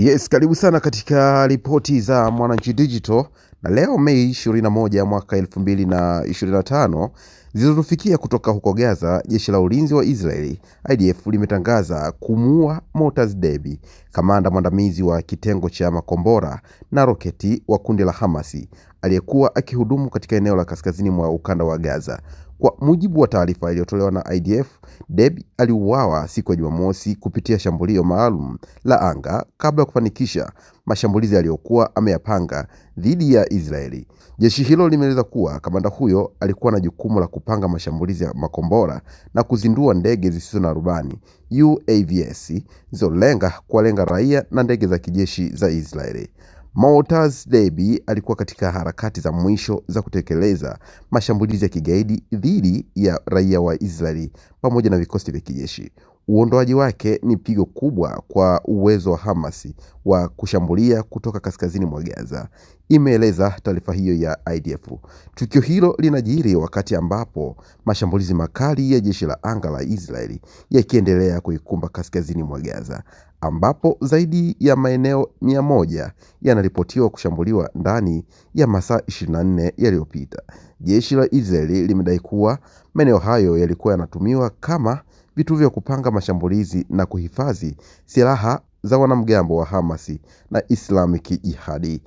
Yes, karibu sana katika ripoti za Mwananchi Digital na leo Mei 21 mwaka 2025 zilizotufikia kutoka huko Gaza. Jeshi la ulinzi wa Israeli IDF limetangaza kumuua motas Debi, kamanda mwandamizi wa kitengo cha makombora na roketi wa kundi la Hamasi aliyekuwa akihudumu katika eneo la kaskazini mwa ukanda wa Gaza kwa mujibu wa taarifa iliyotolewa na IDF, deb aliuawa siku ya Jumamosi kupitia shambulio maalum la anga kabla ya kufanikisha mashambulizi aliyokuwa ameyapanga dhidi ya Israeli. Jeshi hilo limeeleza kuwa kamanda huyo alikuwa na jukumu la kupanga mashambulizi ya makombora na kuzindua ndege zisizo na rubani UAVs zilizolenga kuwalenga raia na ndege za kijeshi za Israeli. Motors debi alikuwa katika harakati za mwisho za kutekeleza mashambulizi ya kigaidi dhidi ya raia wa Israeli pamoja na vikosi vya kijeshi. Uondoaji wake ni pigo kubwa kwa uwezo wa Hamas wa kushambulia kutoka kaskazini mwa Gaza, imeeleza taarifa hiyo ya IDF. Tukio hilo linajiri wakati ambapo mashambulizi makali ya jeshi la anga la Israeli yakiendelea kuikumba kaskazini mwa Gaza, ambapo zaidi ya maeneo mia moja yanaripotiwa kushambuliwa ndani ya masaa 24 yaliyopita. Jeshi la Israeli limedai kuwa maeneo hayo yalikuwa yanatumiwa kama vituo vya kupanga mashambulizi na kuhifadhi silaha za wanamgambo wa Hamasi na Islamic Jihadi.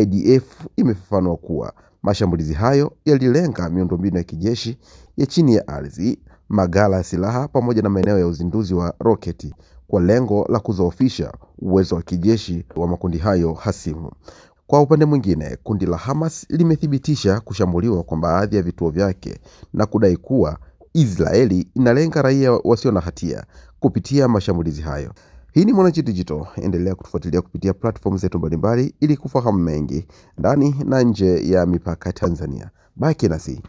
IDF imefafanua kuwa mashambulizi hayo yalilenga miundombinu ya kijeshi ya chini ya ardhi, maghala ya silaha pamoja na maeneo ya uzinduzi wa roketi kwa lengo la kuzoofisha uwezo wa kijeshi wa makundi hayo hasimu. Kwa upande mwingine, kundi la Hamas limethibitisha kushambuliwa kwa baadhi ya vituo vyake na kudai kuwa Israeli inalenga raia wasio na hatia kupitia mashambulizi hayo. Hii ni Mwananchi Digital, endelea kutufuatilia kupitia platform zetu mbalimbali ili kufahamu mengi ndani na nje ya mipaka ya Tanzania. Baki nasi.